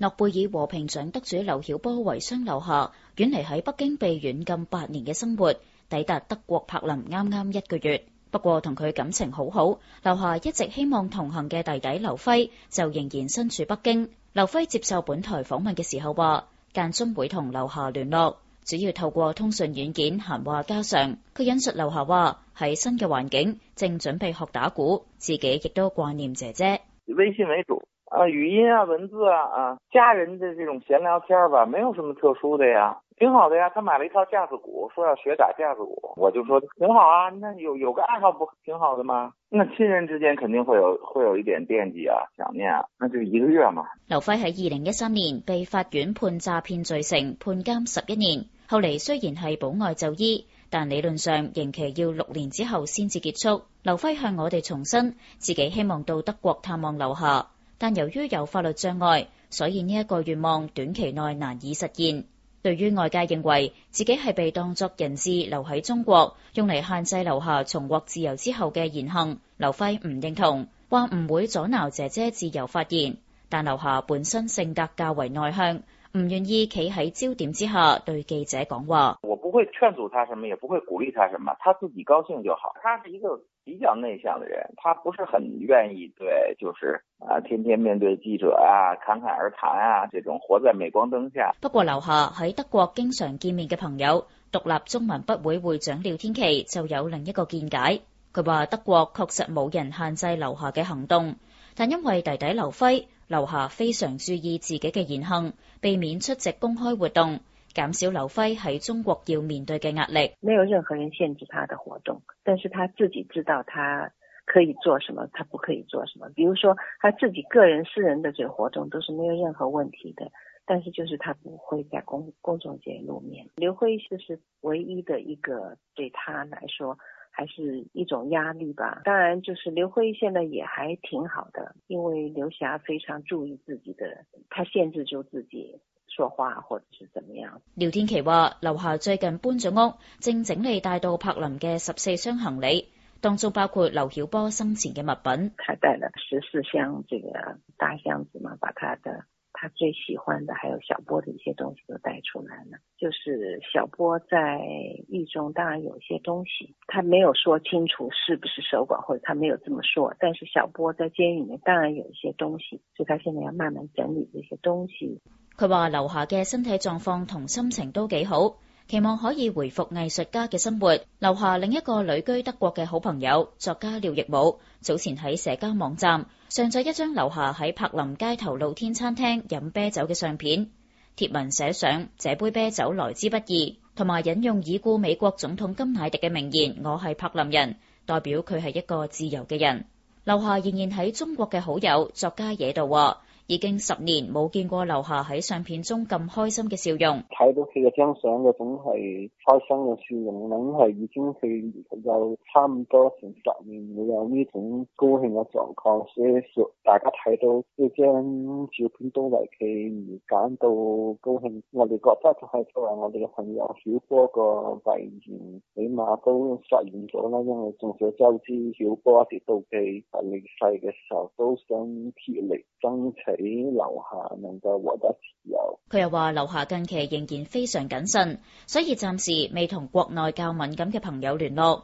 諾貝爾和平獎得主劉曉波遺孀劉霞，遠離喺北京被軟禁八年嘅生活，抵達德國柏林啱啱一個月。不過同佢感情好好，劉霞一直希望同行嘅弟弟劉暉就仍然身處北京。劉暉接受本台訪問嘅時候話，間中會同劉霞聯絡，主要透過通訊軟件閒話家常。佢引述劉霞話：喺新嘅環境，正準備學打鼓，自己亦都掛念姐姐。啊，語音啊，文字啊，啊，家人的這種閒聊天吧，沒有什麼特殊的呀、啊，挺好的呀、啊。他買了一套架子鼓，說要學打架子鼓，我就說挺好啊。那有有個愛好不挺好的嗎？那親人之間肯定會有會有一點惦記啊，想念啊。那就一個月嘛。劉輝喺二零一三年被法院判詐騙罪成，判監十一年。後嚟雖然係保外就醫，但理論上刑期要六年之後先至結束。劉輝向我哋重申，自己希望到德國探望劉霞。但由於有法律障礙，所以呢一個願望短期內難以實現。對於外界認為自己係被當作人質留喺中國，用嚟限制劉霞重獲自由之後嘅言行，劉暉唔認同，話唔會阻撓姐姐自由發言。但劉霞本身性格較為內向。唔願意企喺焦點之下對記者講話。我不會勸阻他什麼，也不會鼓勵他什麼，他自己高興就好。他是一個比較內向的人，他不是很願意對，就是啊，天天面對記者啊，侃侃而談啊，這種活在鎂光燈下。不過，劉霞喺德國經常見面嘅朋友，獨立中文筆會會長廖天琪就有另一個見解。佢話德國確實冇人限制劉霞嘅行動，但因為弟弟劉暉。劉霞非常注意自己嘅言行，避免出席公開活動，減少劉暉喺中國要面對嘅壓力。沒有任何人限制他的活動，但是他自己知道他可以做什麼，他不可以做什麼。比如說，他自己個人私人的這個活動都是沒有任何問題的，但是就是他不會在公公眾界露面。劉暉就是唯一的一個對他來說。還是一種壓力吧，當然就是劉暉現在也還挺好的，因為劉霞非常注意自己的，她限制住自己說話或者是怎麼樣。廖天琪，話，劉霞最近搬咗屋，正整理帶到柏林嘅十四箱行李，當中包括劉曉波生前嘅物品。他帶了十四箱這個大箱子嘛，把他的他最喜歡的還有小波的一些東西都帶出來。就是曉波在獄中，當然有一些東西，他沒有說清楚是不是手稿，或者他沒有這麼說。但是曉波在監獄裏當然有一些東西，所以他現在要慢慢整理這些東西。佢話劉霞嘅身體狀況同心情都幾好，期望可以回復藝術家嘅生活。劉霞另一個旅居德國嘅好朋友作家廖亦武，早前喺社交網站上載一張劉霞喺柏林街頭露天餐廳飲啤酒嘅相片。貼文寫上：這杯啤酒來之不易，同埋引用已故美國總統金乃迪嘅名言：我係柏林人，代表佢係一個自由嘅人。留下仍然喺中國嘅好友作家野渡喎。已經十年冇見過劉霞喺相片中咁開心嘅笑容，睇到佢嘅張相嗰種係開心嘅笑容，諗係已經佢有差唔多成十年會有呢種高興嘅狀況，所以大家睇到呢張照片都為佢而感到高興。我哋覺得就係作為我哋嘅朋友曉波個遺願，起碼都實現咗啦。因為眾所周知，曉波一直到佢離世嘅時候都想竭力爭取。佢又話：劉霞近期仍然非常謹慎，所以暫時未同國內較敏感嘅朋友聯絡。